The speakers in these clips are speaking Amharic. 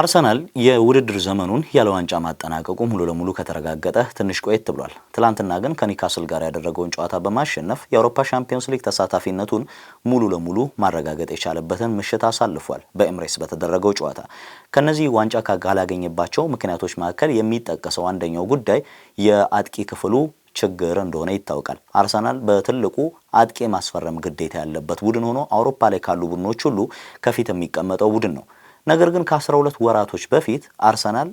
አርሰናል የውድድር ዘመኑን ያለ ዋንጫ ማጠናቀቁ ሙሉ ለሙሉ ከተረጋገጠ ትንሽ ቆየት ብሏል። ትላንትና ግን ከኒካስል ጋር ያደረገውን ጨዋታ በማሸነፍ የአውሮፓ ሻምፒዮንስ ሊግ ተሳታፊነቱን ሙሉ ለሙሉ ማረጋገጥ የቻለበትን ምሽት አሳልፏል። በኤምሬስ በተደረገው ጨዋታ ከነዚህ ዋንጫ ካላገኘባቸው ምክንያቶች መካከል የሚጠቀሰው አንደኛው ጉዳይ የአጥቂ ክፍሉ ችግር እንደሆነ ይታወቃል። አርሰናል በትልቁ አጥቂ ማስፈረም ግዴታ ያለበት ቡድን ሆኖ አውሮፓ ላይ ካሉ ቡድኖች ሁሉ ከፊት የሚቀመጠው ቡድን ነው። ነገር ግን ከ12 ወራቶች በፊት አርሰናል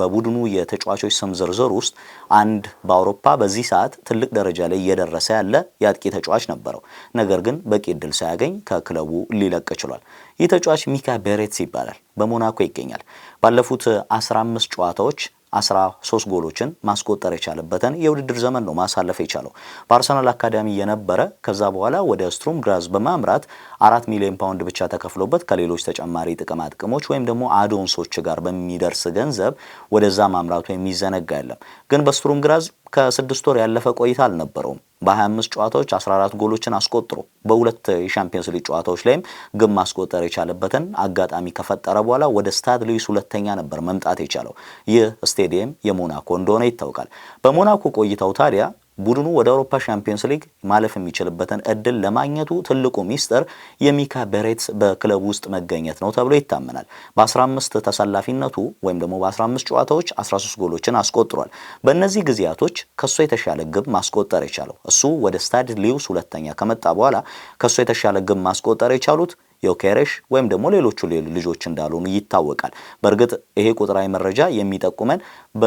በቡድኑ የተጫዋቾች ስም ዝርዝር ውስጥ አንድ በአውሮፓ በዚህ ሰዓት ትልቅ ደረጃ ላይ እየደረሰ ያለ የአጥቂ ተጫዋች ነበረው። ነገር ግን በቂ እድል ሳያገኝ ከክለቡ ሊለቅ ችሏል። ይህ ተጫዋች ሚካ ቤሬትስ ይባላል። በሞናኮ ይገኛል። ባለፉት 15 ጨዋታዎች 13 ጎሎችን ማስቆጠር የቻለበትን የውድድር ዘመን ነው ማሳለፍ የቻለው። በአርሰናል አካዳሚ የነበረ ከዛ በኋላ ወደ ስትሩም ግራዝ በማምራት አራት ሚሊዮን ፓውንድ ብቻ ተከፍሎበት ከሌሎች ተጨማሪ ጥቅማ ጥቅሞች ወይም ደግሞ አዶንሶች ጋር በሚደርስ ገንዘብ ወደዛ ማምራቱ የሚዘነጋ የለም። ግን በስትሩም ግራዝ ከስድስት ወር ያለፈ ቆይታ አልነበረውም። በ25 ጨዋታዎች 14 ጎሎችን አስቆጥሮ በሁለት የሻምፒየንስ ሊግ ጨዋታዎች ላይም ግብ ማስቆጠር የቻለበትን አጋጣሚ ከፈጠረ በኋላ ወደ ስታድ ሉዊስ ሁለተኛ ነበር መምጣት የቻለው። ይህ ስቴዲየም የሞናኮ እንደሆነ ይታወቃል። በሞናኮ ቆይታው ታዲያ ቡድኑ ወደ አውሮፓ ሻምፒዮንስ ሊግ ማለፍ የሚችልበትን እድል ለማግኘቱ ትልቁ ሚስጥር የሚካ ቤሬትስ በክለብ ውስጥ መገኘት ነው ተብሎ ይታመናል። በ15 ተሰላፊነቱ ወይም ደግሞ በ15 ጨዋታዎች 13 ጎሎችን አስቆጥሯል። በእነዚህ ጊዜያቶች ከእሱ የተሻለ ግብ ማስቆጠር የቻለው እሱ ወደ ስታድ ሊውስ ሁለተኛ ከመጣ በኋላ ከእሱ የተሻለ ግብ ማስቆጠር የቻሉት ዮኬሬሽ ወይም ደግሞ ሌሎቹ ልጆች እንዳልሆኑ ይታወቃል። በእርግጥ ይሄ ቁጥራዊ መረጃ የሚጠቁመን በ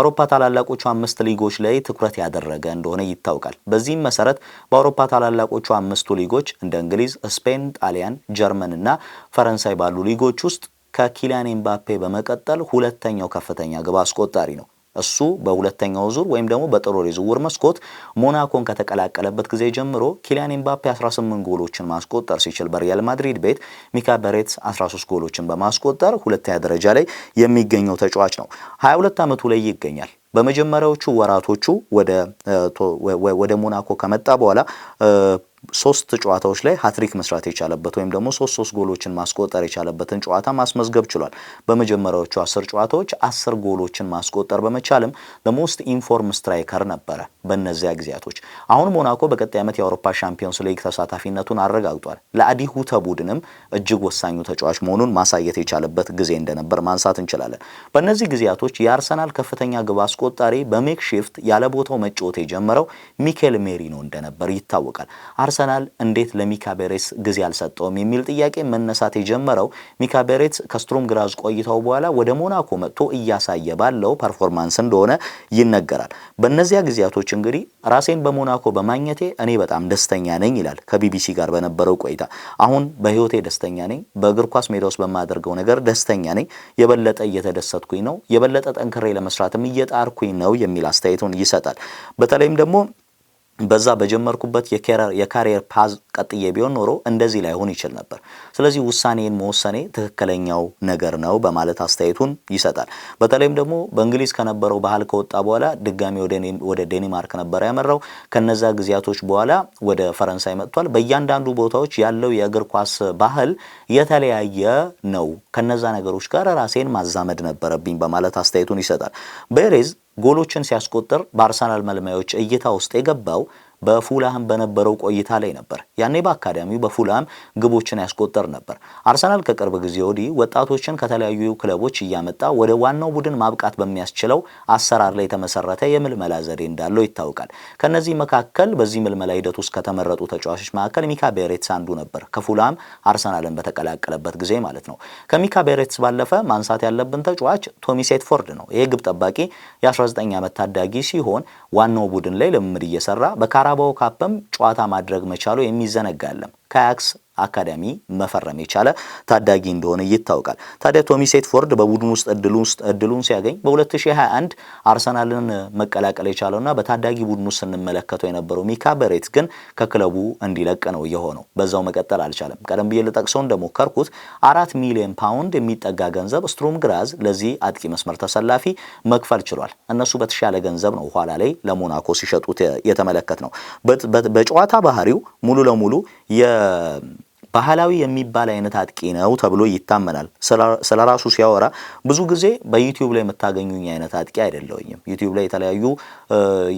አውሮፓ ታላላቆቹ አምስት ሊጎች ላይ ትኩረት ያደረገ እንደሆነ ይታወቃል። በዚህም መሰረት በአውሮፓ ታላላቆቹ አምስቱ ሊጎች እንደ እንግሊዝ፣ ስፔን፣ ጣሊያን፣ ጀርመን እና ፈረንሳይ ባሉ ሊጎች ውስጥ ከኪሊያን ኤምባፔ በመቀጠል ሁለተኛው ከፍተኛ ግብ አስቆጣሪ ነው። እሱ በሁለተኛው ዙር ወይም ደግሞ በጥር ዝውውር መስኮት ሞናኮን ከተቀላቀለበት ጊዜ ጀምሮ ኪሊያን ኤምባፔ 18 ጎሎችን ማስቆጠር ሲችል በሪያል ማድሪድ ቤት ሚካ በሬት 13 ጎሎችን በማስቆጠር ሁለተኛ ደረጃ ላይ የሚገኘው ተጫዋች ነው። 22 ዓመቱ ላይ ይገኛል። በመጀመሪያዎቹ ወራቶቹ ወደ ሞናኮ ከመጣ በኋላ ሶስት ጨዋታዎች ላይ ሀትሪክ መስራት የቻለበት ወይም ደግሞ ሶስት ሶስት ጎሎችን ማስቆጠር የቻለበትን ጨዋታ ማስመዝገብ ችሏል። በመጀመሪያዎቹ አስር ጨዋታዎች አስር ጎሎችን ማስቆጠር በመቻልም ለሞስት ኢንፎርም ስትራይከር ነበረ በእነዚያ ጊዜያቶች። አሁን ሞናኮ በቀጣይ ዓመት የአውሮፓ ሻምፒዮንስ ሊግ ተሳታፊነቱን አረጋግጧል። ለአዲሁተ ቡድንም እጅግ ወሳኙ ተጫዋች መሆኑን ማሳየት የቻለበት ጊዜ እንደነበር ማንሳት እንችላለን። በእነዚህ ጊዜያቶች የአርሰናል ከፍተኛ ግብ አስቆጣሪ በሜክሽፍት ያለ ቦታው መጫወት የጀመረው ሚኬል ሜሪኖ እንደነበር ይታወቃል። አርሰናል እንዴት ለሚካ ቤሬትስ ጊዜ አልሰጠውም የሚል ጥያቄ መነሳት የጀመረው ሚካ ቤሬትስ ከስትሮም ግራዝ ቆይታው በኋላ ወደ ሞናኮ መጥቶ እያሳየ ባለው ፐርፎርማንስ እንደሆነ ይነገራል። በእነዚያ ጊዜያቶች እንግዲህ ራሴን በሞናኮ በማግኘቴ እኔ በጣም ደስተኛ ነኝ ይላል ከቢቢሲ ጋር በነበረው ቆይታ። አሁን በህይወቴ ደስተኛ ነኝ፣ በእግር ኳስ ሜዳ ውስጥ በማደርገው ነገር ደስተኛ ነኝ፣ የበለጠ እየተደሰትኩኝ ነው፣ የበለጠ ጠንክሬ ለመስራትም እየጣርኩኝ ነው የሚል አስተያየቱን ይሰጣል። በተለይም ደግሞ በዛ በጀመርኩበት የካሪየር ፓዝ ቀጥዬ ቢሆን ኖሮ እንደዚህ ላይሆን ይችል ነበር። ስለዚህ ውሳኔን መወሰኔ ትክክለኛው ነገር ነው በማለት አስተያየቱን ይሰጣል። በተለይም ደግሞ በእንግሊዝ ከነበረው ባህል ከወጣ በኋላ ድጋሚ ወደ ዴኒማርክ ነበር ያመራው። ከነዛ ጊዜያቶች በኋላ ወደ ፈረንሳይ መጥቷል። በእያንዳንዱ ቦታዎች ያለው የእግር ኳስ ባህል የተለያየ ነው። ከነዛ ነገሮች ጋር ራሴን ማዛመድ ነበረብኝ በማለት አስተያየቱን ይሰጣል። ቤሬዝ ጎሎችን ሲያስቆጥር በአርሰናል መልማዮች እይታ ውስጥ የገባው በፉላም በነበረው ቆይታ ላይ ነበር። ያኔ በአካዳሚው በፉላም ግቦችን ያስቆጠር ነበር። አርሰናል ከቅርብ ጊዜ ወዲህ ወጣቶችን ከተለያዩ ክለቦች እያመጣ ወደ ዋናው ቡድን ማብቃት በሚያስችለው አሰራር ላይ የተመሰረተ የምልመላ ዘዴ እንዳለው ይታወቃል። ከነዚህ መካከል በዚህ ምልመላ ሂደት ውስጥ ከተመረጡ ተጫዋቾች መካከል ሚካ ቤሬትስ አንዱ ነበር፣ ከፉላም አርሰናልን በተቀላቀለበት ጊዜ ማለት ነው። ከሚካ ቤሬትስ ባለፈ ማንሳት ያለብን ተጫዋች ቶሚ ሴትፎርድ ነው። ይህ ግብ ጠባቂ የ19 ዓመት ታዳጊ ሲሆን ዋናው ቡድን ላይ ልምምድ እየሰራ በካራ በካራባው ካፕም ጨዋታ ማድረግ መቻሉ የሚዘነጋለም። ካያክስ አካዳሚ መፈረም የቻለ ታዳጊ እንደሆነ ይታወቃል። ታዲያ ቶሚ ሴትፎርድ በቡድን ውስጥ እድሉን ሲያገኝ በ2021 አርሰናልን መቀላቀል የቻለውና በታዳጊ ቡድን ውስጥ ስንመለከተው የነበረው ሚካ በሬት ግን ከክለቡ እንዲለቅ ነው የሆነው። በዛው መቀጠል አልቻለም። ቀደም ብዬ ልጠቅሰው እንደሞከርኩት አራት ሚሊዮን ፓውንድ የሚጠጋ ገንዘብ ስትሩም ግራዝ ለዚህ አጥቂ መስመር ተሰላፊ መክፈል ችሏል። እነሱ በተሻለ ገንዘብ ነው ኋላ ላይ ለሞናኮ ሲሸጡት የተመለከት ነው። በጨዋታ ባህሪው ሙሉ ለሙሉ ባህላዊ የሚባል አይነት አጥቂ ነው ተብሎ ይታመናል። ስለ ራሱ ሲያወራ ብዙ ጊዜ በዩቲዩብ ላይ የምታገኙኝ አይነት አጥቂ አይደለውኝም። ዩቲዩብ ላይ የተለያዩ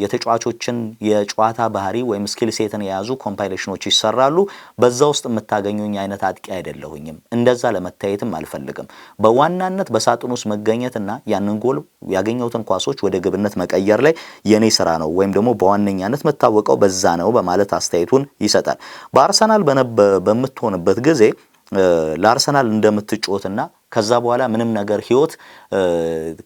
የተጫዋቾችን የጨዋታ ባህሪ ወይም ስኪል ሴትን የያዙ ኮምፓይሌሽኖች ይሰራሉ። በዛ ውስጥ የምታገኙኝ አይነት አጥቂ አይደለሁኝም። እንደዛ ለመታየትም አልፈልግም። በዋናነት በሳጥን ውስጥ መገኘትና ያንን ጎል ያገኘሁትን ኳሶች ወደ ግብነት መቀየር ላይ የኔ ስራ ነው ወይም ደግሞ በዋነኛነት መታወቀው በዛ ነው በማለት አስተያየቱን ይሰጣል። በአርሰናል በምት በምትሆንበት ጊዜ ለአርሰናል እንደምትጮትና ከዛ በኋላ ምንም ነገር ህይወት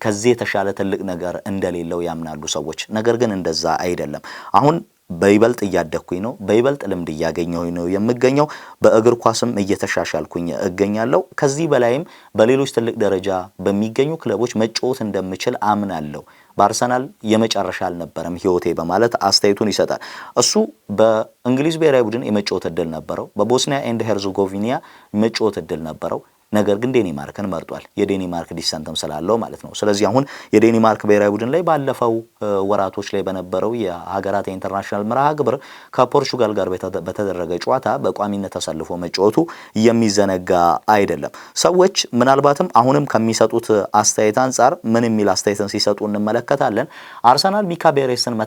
ከዚህ የተሻለ ትልቅ ነገር እንደሌለው ያምናሉ ሰዎች። ነገር ግን እንደዛ አይደለም። አሁን በይበልጥ እያደግኩኝ ነው። በይበልጥ ልምድ እያገኘሁኝ ነው የምገኘው። በእግር ኳስም እየተሻሻልኩኝ እገኛለሁ። ከዚህ በላይም በሌሎች ትልቅ ደረጃ በሚገኙ ክለቦች መጫወት እንደምችል አምናለሁ። በአርሰናል የመጨረሻ አልነበረም ህይወቴ በማለት አስተያየቱን ይሰጣል። እሱ በእንግሊዝ ብሔራዊ ቡድን የመጫወት እድል ነበረው። በቦስኒያ ኤንድ ሄርዞጎቪኒያ መጫወት እድል ነበረው። ነገር ግን ዴኒማርክን መርጧል። የዴኒማርክ ዲሰንትም ስላለው ማለት ነው። ስለዚህ አሁን የዴኒማርክ ብሔራዊ ቡድን ላይ ባለፈው ወራቶች ላይ በነበረው የሀገራት የኢንተርናሽናል መርሃ ግብር ከፖርቹጋል ጋር በተደረገ ጨዋታ በቋሚነት ተሰልፎ መጫወቱ የሚዘነጋ አይደለም። ሰዎች ምናልባትም አሁንም ከሚሰጡት አስተያየት አንጻር ምን የሚል አስተያየትን ሲሰጡ እንመለከታለን። አርሰናል ሚካ ቤሬስን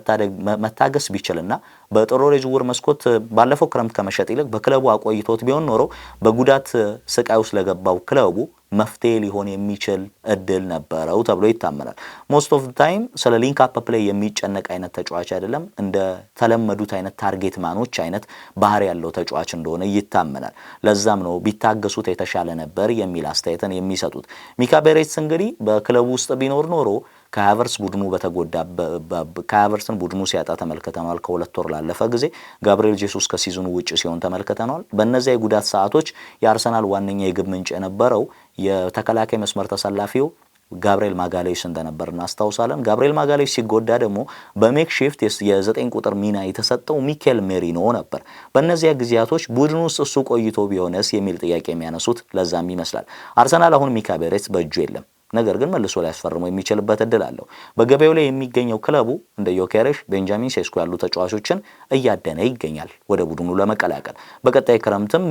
መታገስ ቢችልና በጥሮር የዝውውር መስኮት ባለፈው ክረምት ከመሸጥ ይልቅ በክለቡ አቆይቶት ቢሆን ኖሮ በጉዳት ስቃይ ውስጥ ለገባው ክለቡ መፍትሄ ሊሆን የሚችል እድል ነበረው ተብሎ ይታመናል። ሞስት ኦፍ ታይም ስለ ሊንክ አፕ ፕሌይ የሚጨነቅ አይነት ተጫዋች አይደለም። እንደ ተለመዱት አይነት ታርጌት ማኖች አይነት ባህሪ ያለው ተጫዋች እንደሆነ ይታመናል። ለዛም ነው ቢታገሱት የተሻለ ነበር የሚል አስተያየትን የሚሰጡት። ሚካ ቤሬትስ እንግዲህ በክለቡ ውስጥ ቢኖር ኖሮ ከሀቨርስ ቡድኑ በተጎዳ ከሀቨርስን ቡድኑ ሲያጣ ተመልክተናል። ከሁለት ወር ላለፈ ጊዜ ጋብርኤል ጄሱስ ከሲዝኑ ውጭ ሲሆን ተመልክተናል። በእነዚያ የጉዳት ሰዓቶች የአርሰናል ዋነኛ የግብ ምንጭ የነበረው የተከላካይ መስመር ተሰላፊው ጋብርኤል ማጋሌሽ እንደነበር እናስታውሳለን። ጋብርኤል ማጋሌሽ ሲጎዳ ደግሞ በሜክሺፍት የዘጠኝ ቁጥር ሚና የተሰጠው ሚኬል ሜሪኖ ነበር። በእነዚያ ጊዜያቶች ቡድን ውስጥ እሱ ቆይቶ ቢሆነስ የሚል ጥያቄ የሚያነሱት ለዛም ይመስላል። አርሰናል አሁን ሚካ ቤሬትስ በእጁ የለም። ነገር ግን መልሶ ሊያስፈርመው የሚችልበት እድል አለው። በገበያው ላይ የሚገኘው ክለቡ እንደ ዮኬሬሽ፣ ቤንጃሚን ሴስኮ ያሉ ተጫዋቾችን እያደነ ይገኛል ወደ ቡድኑ ለመቀላቀል በቀጣይ ክረምትም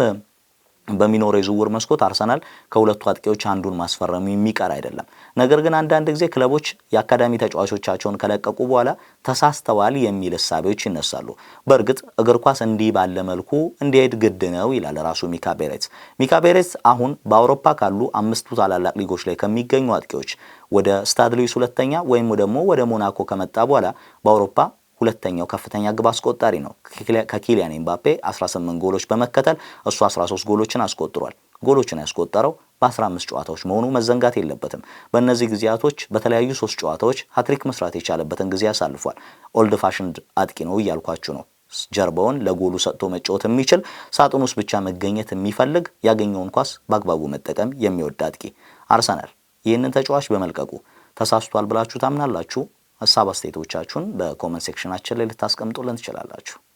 በሚኖረው የዝውውር መስኮት አርሰናል ከሁለቱ አጥቂዎች አንዱን ማስፈረሙ የሚቀር አይደለም። ነገር ግን አንዳንድ ጊዜ ክለቦች የአካዳሚ ተጫዋቾቻቸውን ከለቀቁ በኋላ ተሳስተዋል የሚል እሳቤዎች ይነሳሉ። በእርግጥ እግር ኳስ እንዲህ ባለ መልኩ እንዲሄድ ግድ ነው ይላል ራሱ ሚካ ቤሬት። ሚካ ቤሬት አሁን በአውሮፓ ካሉ አምስቱ ታላላቅ ሊጎች ላይ ከሚገኙ አጥቂዎች ወደ ስታድ ሉዊስ ሁለተኛ ወይም ደግሞ ወደ ሞናኮ ከመጣ በኋላ በአውሮፓ ሁለተኛው ከፍተኛ ግብ አስቆጣሪ ነው ከኪሊያን ኤምባፔ 18 ጎሎች በመከተል እሱ 13 ጎሎችን አስቆጥሯል። ጎሎችን ያስቆጠረው በ15 ጨዋታዎች መሆኑ መዘንጋት የለበትም። በእነዚህ ጊዜያቶች በተለያዩ ሶስት ጨዋታዎች ሀትሪክ መስራት የቻለበትን ጊዜ አሳልፏል። ኦልድ ፋሽንድ አጥቂ ነው እያልኳችሁ ነው። ጀርባውን ለጎሉ ሰጥቶ መጫወት የሚችል ሳጥን ውስጥ ብቻ መገኘት የሚፈልግ ያገኘውን ኳስ በአግባቡ መጠቀም የሚወድ አጥቂ። አርሰናል ይህንን ተጫዋች በመልቀቁ ተሳስቷል ብላችሁ ታምናላችሁ? ሀሳብ አስተያየቶቻችሁን በኮመንት ሴክሽናችን ላይ ልታስቀምጡልን ትችላላችሁ።